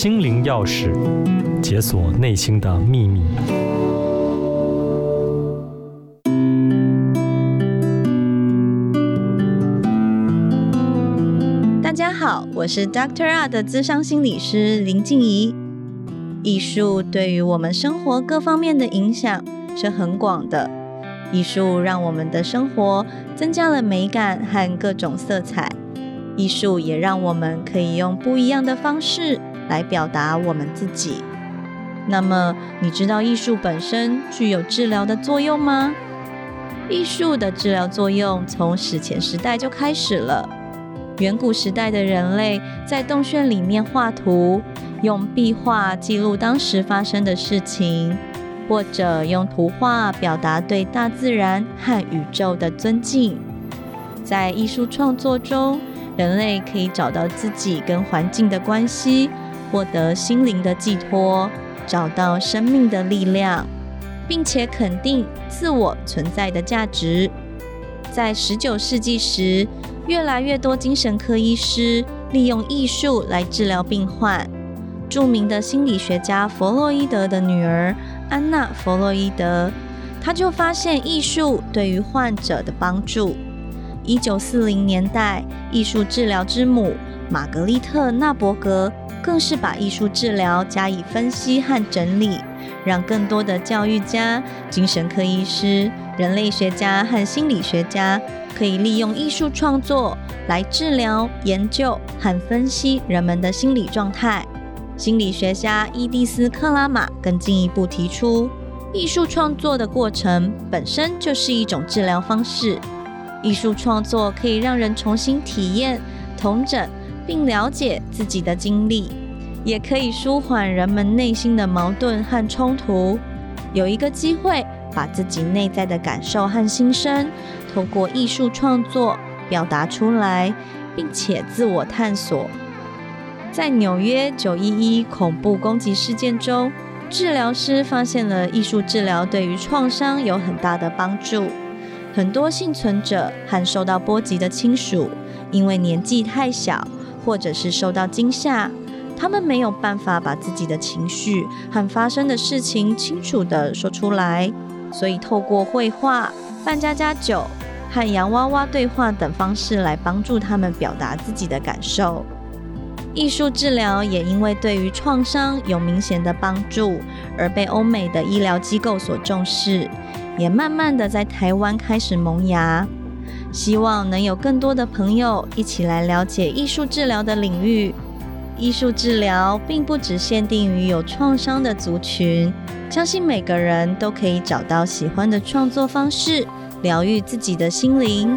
心靈鑰匙，解鎖內心的秘密。大家好，我是 Doctor R 的資深心理師林靜怡。藝術對於我們生活各方面的影響是很廣的。藝術讓我們的生活增加了美感和各種色彩。藝術也讓我們可以用不一樣的方式。來表達我們自己。那麼，你知道藝術本身具有治療的作用嗎？藝術的治療作用從史前時代就開始了。遠古時代的人類在洞穴裡面畫圖，用壁畫記錄當時發生的事情，或者用圖畫表達對大自然和宇宙的尊敬。在藝術創作中，人類可以找到自己跟環境的關係。獲得心靈的寄托，找到生命的力量，並且肯定自我存在的價值。在十九世紀時，越來越多精神科醫師利用藝術來治療病患。著名的心理學家弗洛伊德的女兒安娜·弗洛伊德，她就發現藝術對於患者的幫助。一九四零年代，藝術治療之母瑪格麗特·納伯格。更是把藝術治療加以分析和整理，讓更多的教育家、精神科醫師、人類學家和心理學家可以利用藝術創作來治療、研究和分析人們的心理狀態。心理學家伊迪斯·克拉瑪更進一步提出，藝術創作的過程本身就是一種治療方式。藝術創作可以讓人重新體驗、統整。並了解自己的經歷，也可以舒緩人們內心的矛盾和衝突，有一個機會把自己內在的感受和心聲，透過藝術創作表達出來，並且自我探索。在紐約九一一恐怖攻擊事件中，治療師發現了藝術治療對於創傷有很大的幫助。很多幸存者和受到波及的親屬，因為年紀太小。或者是受到驚嚇，他們沒有辦法把自己的情緒和發生的事情清楚地說出來，所以透過繪畫、扮家家酒和洋娃娃對話等方式來幫助他們表達自己的感受。藝術治療也因為對於創傷有明顯的幫助，而被歐美的醫療機構所重視，也慢慢地在台灣開始萌芽。希望能有更多的朋友一起來了解藝術治療的領域。藝術治療並不只限定於有創傷的族群，相信每個人都可以找到喜歡的創作方式，療愈自己的心靈。